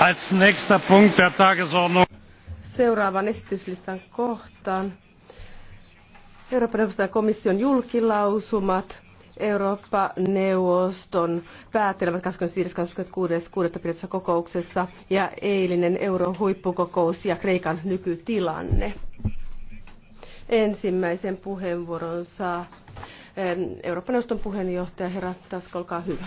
Als nächster Punkt der Tagesordnung. Seuraavan esityslistan kohtaan. Euroopan neuvoston ja komission julkilausumat. Eurooppa-neuvoston päätelmät 25.26.6. pidetyssä kokouksessa ja eilinen eurohuippukokous ja Kreikan nykytilanne. Ensimmäisen puheenvuoron saa Euroopan neuvoston puheenjohtaja herra Task, olkaa hyvä.